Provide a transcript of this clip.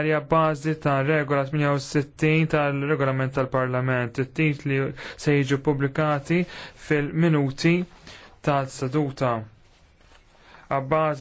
Għalja bazi ta' regola 68 tal-regolament tal-parlament, it-tit li se jiġu publikati fil-minuti tal-seduta.